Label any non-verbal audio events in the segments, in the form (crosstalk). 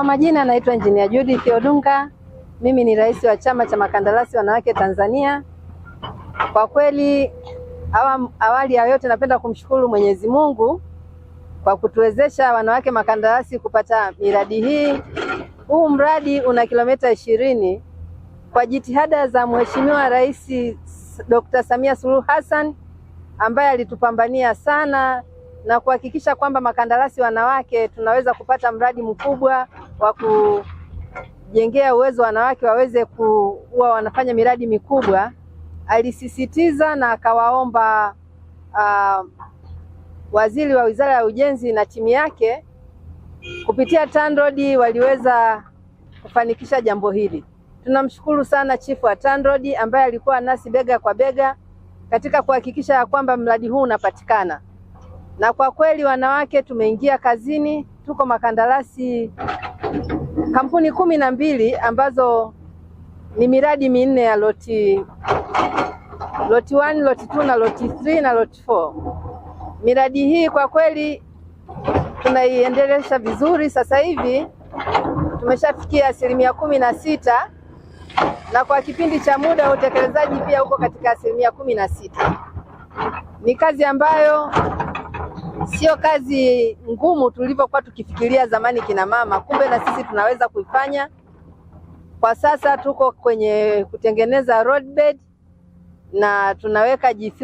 Kwa majina anaitwa Engineer judith odunga mimi ni rais wa chama cha makandarasi wanawake Tanzania. Kwa kweli awa, awali ya yote napenda kumshukuru Mwenyezi Mungu kwa kutuwezesha wanawake makandarasi kupata miradi hii. Huu mradi una kilomita ishirini kwa jitihada za Mheshimiwa Rais Dr. Samia Suluhu Hassan ambaye alitupambania sana na kuhakikisha kwamba makandarasi wanawake tunaweza kupata mradi mkubwa wa kujengea uwezo wanawake waweze kuwa wanafanya miradi mikubwa, alisisitiza na akawaomba uh, waziri wa Wizara ya Ujenzi na timu yake kupitia TANROADS waliweza kufanikisha jambo hili. Tunamshukuru sana chifu wa TANROADS ambaye alikuwa nasi bega kwa bega katika kuhakikisha ya kwamba mradi huu unapatikana, na kwa kweli wanawake tumeingia kazini, tuko makandarasi kampuni kumi na mbili ambazo ni miradi minne ya loti loti 1, loti 2 na loti 3 na loti 4. Miradi hii kwa kweli tunaiendelesha vizuri, sasa hivi tumeshafikia asilimia kumi na sita na kwa kipindi cha muda wa utekelezaji pia uko katika asilimia kumi na sita. Ni kazi ambayo sio kazi ngumu tulivyokuwa tukifikiria zamani kina mama, kumbe na sisi tunaweza kuifanya. Kwa sasa tuko kwenye kutengeneza roadbed na tunaweka G3,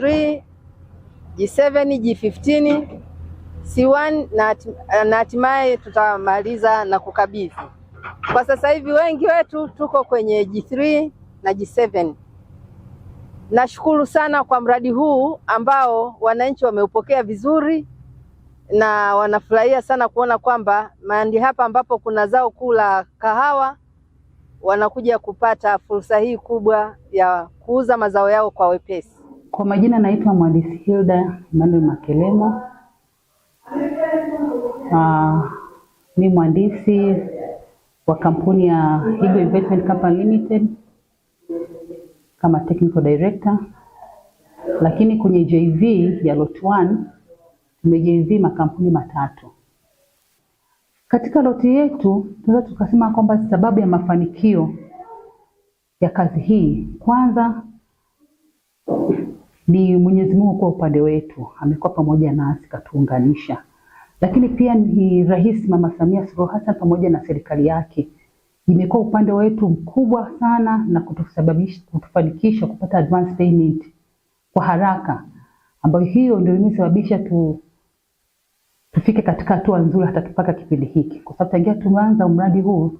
G7, G15, C1 na hatimaye tutamaliza na kukabidhi. Kwa sasa hivi wengi wetu tuko kwenye G3 na G7. Nashukuru sana kwa mradi huu ambao wananchi wameupokea vizuri na wanafurahia sana kuona kwamba mahali hapa ambapo kuna zao kuu la kahawa wanakuja kupata fursa hii kubwa ya kuuza mazao yao kwa wepesi. Kwa majina naitwa Mhandisi Hilda Emmanuel Makelemo. Aa, ah, ni mhandisi wa kampuni ya Higo Investment Company Limited kama technical director, lakini kwenye JV ya Lot 1 imejeruhi makampuni matatu. Katika loti yetu tunaweza tukasema kwamba sababu ya mafanikio ya kazi hii, kwanza ni Mwenyezi Mungu kwa upande wetu, amekuwa pamoja nasi katuunganisha, lakini pia ni Rais Mama Samia Suluhu Hassan pamoja na serikali yake imekuwa upande wetu mkubwa sana na kutusababisha kutufanikisha kupata advance payment kwa haraka, ambayo hiyo ndio imesababisha tu tufike katika hatua nzuri hata mpaka kipindi hiki, kwa sababu tangia tumeanza mradi huu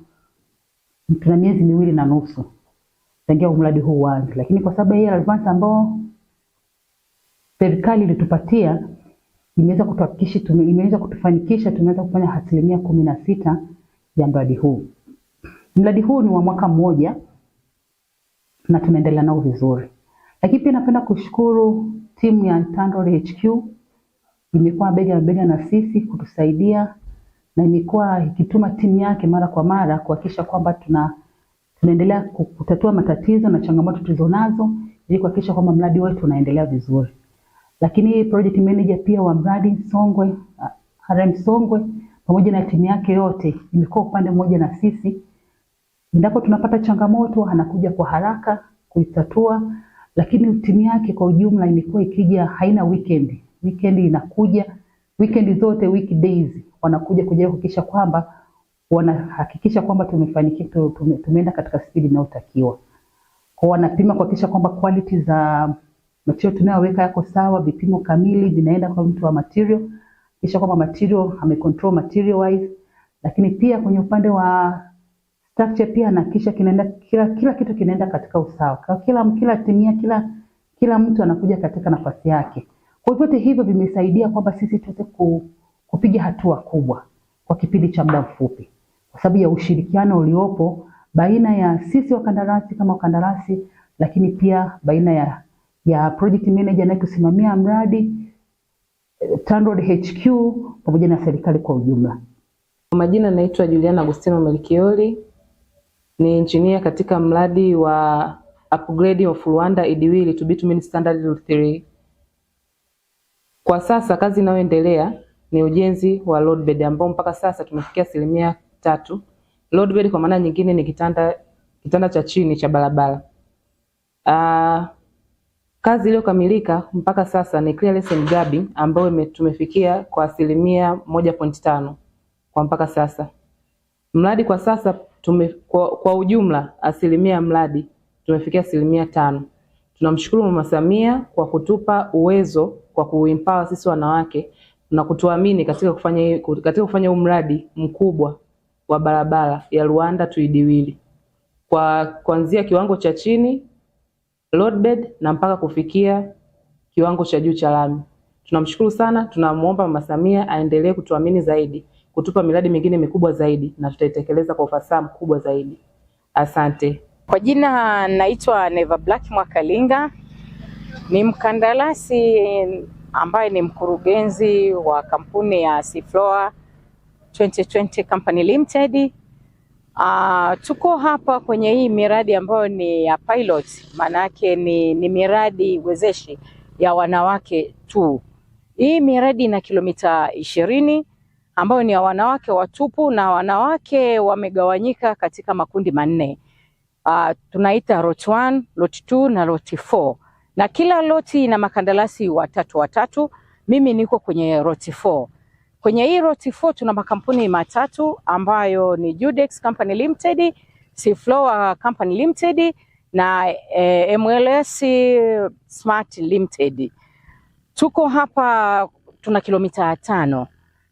tuna miezi miwili na nusu tangia mradi huu uanze, lakini kwa sababu hii advance ambayo serikali ilitupatia imeweza kutuhakikisha imeweza kutufanikisha tumeweza kufanya asilimia kumi na sita ya mradi huu. Mradi huu ni wa mwaka mmoja na tunaendelea nao vizuri, lakini pia napenda kushukuru timu ya Ntandori HQ imekuwa bega bega na sisi kutusaidia na imekuwa ikituma timu yake mara kwa mara kuhakikisha kwamba tuna tunaendelea kutatua matatizo na changamoto tulizonazo ili kuhakikisha kwamba mradi wetu unaendelea vizuri. Lakini project manager pia wa mradi Songwe, uh, RM Songwe pamoja na timu yake yote imekuwa upande mmoja na sisi. Endapo tunapata changamoto anakuja kwa haraka kuitatua, lakini timu yake kwa ujumla imekuwa ikija, haina weekend weekend inakuja, weekend zote weekdays wanakuja kujaribu kuhakikisha kwamba wanahakikisha kwamba tumefanikiwa, tume, tumeenda katika spidi inayotakiwa. Kwa wanapima kuhakikisha kwamba quality za material tunayoweka yako sawa, vipimo kamili vinaenda kwa mtu wa material, kisha kwamba material amecontrol material wise, lakini pia kwenye upande wa structure pia anahakikisha kinaenda kila, kila kitu kinaenda katika usawa. Kwa kila kila timia kila kila mtu anakuja katika nafasi yake. Kwa vyote hivyo vimesaidia kwamba sisi tuweze kupiga hatua kubwa kwa kipindi cha muda mfupi, kwa sababu ya ushirikiano uliopo baina ya sisi wakandarasi kama wakandarasi, lakini pia baina ya, ya project manager anayetusimamia mradi eh, TANROADS HQ pamoja na serikali kwa ujumla. Kwa majina naitwa Juliana Agustino Melkioli, ni engineer katika mradi wa upgrade of Rwanda EDW to bitumen standard kwa sasa kazi inayoendelea ni ujenzi wa bed ambao mpaka sasa tumefikia asilimia tatu. bed kwa maana nyingine ni kitanda, kitanda cha chini cha barabara. Uh, kazi iliyokamilika mpaka sasa ni clearance and grubbing ambayo tumefikia kwa asilimia moja point tano kwa mpaka sasa. Mradi kwa sasa tume, kwa, kwa ujumla asilimia mradi tumefikia asilimia tano. Tunamshukuru Mama Samia kwa kutupa uwezo kwa kuimpawa sisi wanawake na kutuamini katika kufanya katika kufanya huu mradi mkubwa wa barabara ya Ruanda Tuidiwili kwa kuanzia kiwango cha chini roadbed na mpaka kufikia kiwango cha juu cha lami. Tunamshukuru sana, tunamuomba Mama Samia aendelee kutuamini zaidi, kutupa miradi mingine mikubwa zaidi, na tutaitekeleza kwa ufasaha mkubwa zaidi. Asante. Kwa jina naitwa Neva Black Mwakalinga, ni mkandarasi ambaye ni mkurugenzi wa kampuni ya Sifloa 2020 Company Limited. Uh, tuko hapa kwenye hii miradi ambayo ni ya pilot, maana yake ni, ni miradi wezeshi ya wanawake tu. Hii miradi ina kilomita ishirini ambayo ni ya wanawake watupu na wanawake wamegawanyika katika makundi manne uh, tunaita lot 1, lot 2 na lot 4, na kila loti ina makandarasi watatu watatu. Mimi niko kwenye lot 4. Kwenye hii lot 4 tuna makampuni matatu ambayo ni Judex Company Limited, Seaflower Company Limited na eh, MLS Smart Limited. Tuko hapa tuna kilomita tano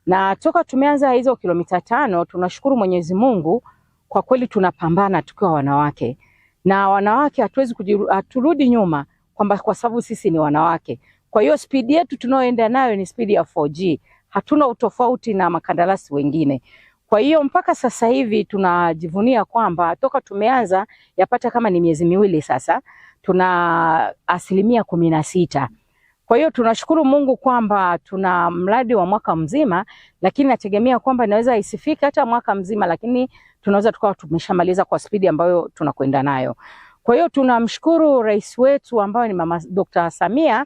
na toka tumeanza hizo kilomita tano tunashukuru Mwenyezi Mungu kwa kweli tunapambana tukiwa wanawake na wanawake hatuwezi haturudi nyuma kwamba kwa sababu sisi ni wanawake. Kwa hiyo spidi yetu tunayoenda nayo ni spidi ya 4G, hatuna utofauti na makandarasi wengine. Kwa hiyo mpaka sasa hivi tunajivunia kwamba toka tumeanza yapata kama ni miezi miwili sasa, tuna asilimia kumi na sita kwa hiyo tunashukuru Mungu kwamba tuna mradi wa mwaka mzima, lakini nategemea kwamba inaweza isifike hata mwaka mzima, lakini tunaweza tukawa tumeshamaliza kwa spidi ambayo tunakwenda nayo. Kwa hiyo tunamshukuru rais wetu ambaye ni Mama Dr. Samia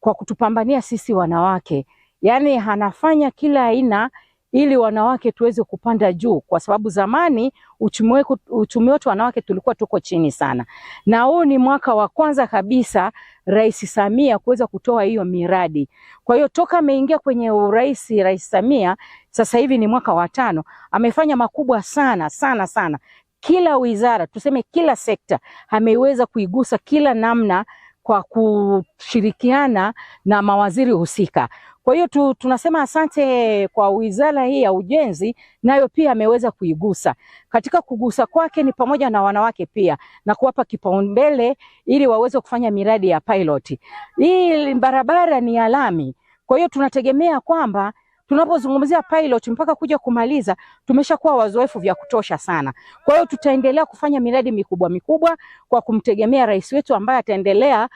kwa kutupambania sisi wanawake, yaani anafanya kila aina ili wanawake tuweze kupanda juu, kwa sababu zamani uchumi wetu wanawake tulikuwa tuko chini sana, na huu ni mwaka wa kwanza kabisa Rais Samia kuweza kutoa hiyo miradi. Kwa hiyo toka ameingia kwenye urais Rais Samia, sasa hivi ni mwaka wa tano, amefanya makubwa sana sana sana kila wizara tuseme, kila sekta ameweza kuigusa kila namna kwa kushirikiana na mawaziri husika. Kwa hiyo tu, tunasema asante kwa wizara hii ya ujenzi, nayo pia ameweza kuigusa. Katika kugusa kwake ni pamoja na wanawake pia na kuwapa kipaumbele ili waweze kufanya miradi ya pilot. Hii barabara ni ya lami, kwa hiyo tunategemea kwamba tunapozungumzia pilot mpaka kuja kumaliza tumeshakuwa wazoefu vya kutosha sana. Kwa hiyo tutaendelea kufanya miradi mikubwa mikubwa kwa kumtegemea rais wetu ambaye ataendelea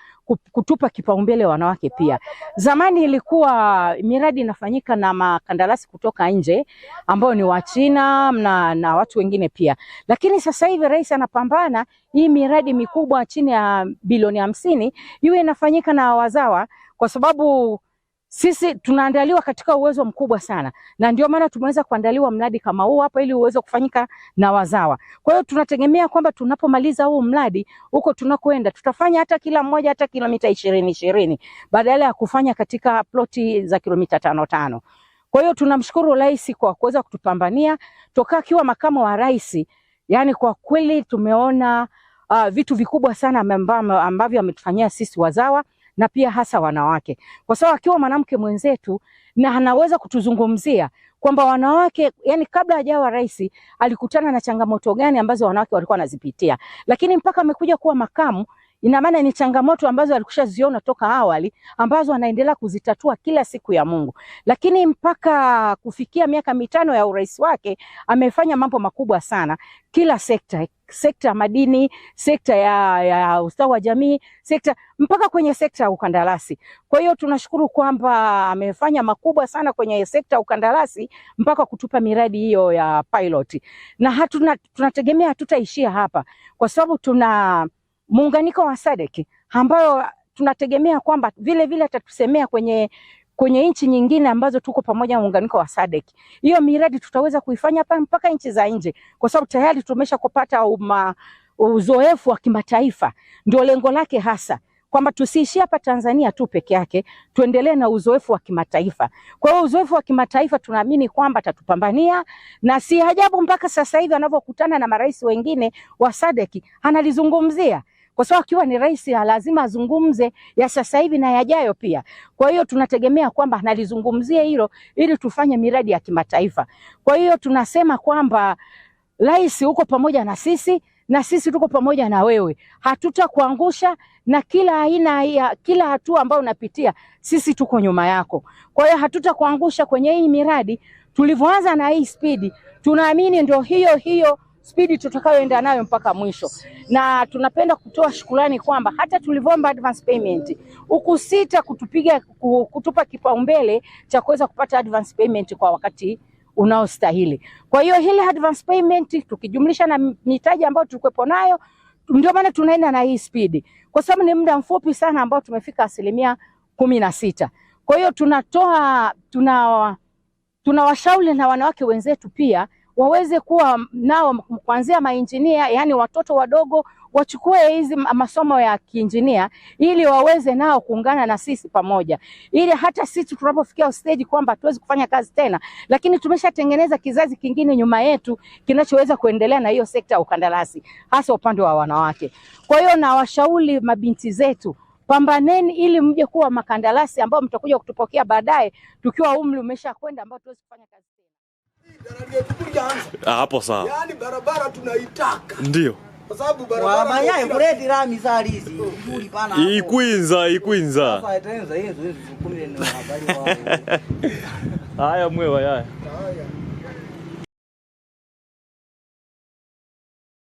kutupa kipaumbele wanawake pia. Zamani ilikuwa miradi inafanyika na makandarasi kutoka nje ambao ni Wachina na, na watu wengine pia, lakini sasa hivi rais anapambana hii miradi mikubwa chini ya bilioni hamsini iwe inafanyika na wazawa kwa sababu sisi tunaandaliwa katika uwezo mkubwa sana, na ndio maana tumeweza kuandaliwa mradi kama huu hapa ili uweze kufanyika na wazawa. Kwa hiyo tunategemea kwamba tunapomaliza huu mradi, huko tunakoenda tutafanya hata kila mmoja hata kilomita ishirini ishirini badala ya kufanya katika ploti za kilomita tano tano. Kwa hiyo tunamshukuru Rais kwa kuweza kutupambania toka akiwa makamu wa rais, yani kwa kweli tumeona uh, vitu vikubwa sana ambavyo ametufanyia sisi wazawa na pia hasa wanawake, kwa sababu akiwa mwanamke mwenzetu na anaweza kutuzungumzia kwamba wanawake, yani kabla hajawa rais alikutana na changamoto gani ambazo wanawake walikuwa wanazipitia, lakini mpaka amekuja kuwa makamu Ina maana ni changamoto ambazo alikushaziona toka awali ambazo anaendelea kuzitatua kila siku ya Mungu, lakini mpaka kufikia miaka mitano ya urais wake amefanya mambo makubwa sana kila sekta sekta ya madini, sekta ya, ya ustawi wa jamii, sekta mpaka kwenye sekta ya ukandarasi. Kwa hiyo tunashukuru kwamba amefanya makubwa sana kwenye sekta ya ukandarasi mpaka kutupa miradi hiyo ya pilot, na hatuna, tunategemea hatutaishia hapa kwa sababu tuna muunganiko wa Sadeki ambayo tunategemea kwamba vile vile atatusemea kwenye kwenye nchi nyingine ambazo tuko pamoja na muunganiko wa SADC. Hiyo miradi tutaweza kuifanya hapa mpaka nchi za nje, kwa sababu tayari tumesha kupata uma, uzoefu wa kimataifa. Ndio lengo lake hasa kwamba tusiishie hapa Tanzania tu peke yake, tuendelee na uzoefu wa kimataifa. Kwa hiyo uzoefu wa kimataifa tunaamini kwamba atatupambania, na si ajabu mpaka sasa hivi anavyokutana na marais wengine wa SADC analizungumzia kwa sababu akiwa ni rais lazima azungumze ya sasa hivi na yajayo pia. Kwa hiyo tunategemea kwamba analizungumzie hilo ili tufanye miradi ya kimataifa. Kwa hiyo tunasema kwamba rais, uko pamoja na sisi na sisi tuko pamoja na wewe, hatutakuangusha na kila aina ya kila hatua ambayo unapitia, sisi tuko nyuma yako. Kwa hiyo hatutakuangusha kwenye hii miradi. Tulivyoanza na hii spidi, tunaamini ndio hiyo hiyo spidi tutakayoenda nayo mpaka mwisho, na tunapenda kutoa shukrani kwamba hata tulivyoomba advance payment ukusita kutupiga kutupa kipaumbele cha kuweza kupata advance payment kwa wakati unaostahili. Kwa hiyo hili advance payment tukijumlisha na mitaji ambayo tulikuwepo nayo, ndio maana tunaenda na hii spidi, kwa sababu ni muda mfupi sana ambao tumefika asilimia kumi na sita. Kwa hiyo tunatoa tuna washauli na wanawake wenzetu pia waweze kuwa nao kuanzia mainjinia, yaani watoto wadogo wachukue hizi masomo ya kiinjinia ili waweze nao kuungana na sisi pamoja, ili hata sisi tunapofikia stage kwamba tuwezi kufanya kazi tena, lakini tumeshatengeneza kizazi kingine nyuma yetu kinachoweza kuendelea na hiyo sekta ya ukandarasi, hasa upande wa wanawake. Kwa hiyo nawashauri mabinti zetu pambaneni ili mje kuwa makandarasi ambao mtakuja kutupokea baadaye tukiwa umri umeshakwenda ambao tuwezi kufanya kazi hapo sawa. Yaani barabara tunaitaka. Ndio. Kwa sababu barabara wa mayaye kuleti rami za hizi. Nzuri pana. Hii hii ikwinza. Sasa itaenza hizo hizo 10 ni habari wao. (laughs) Haya mwewe haya. Haya.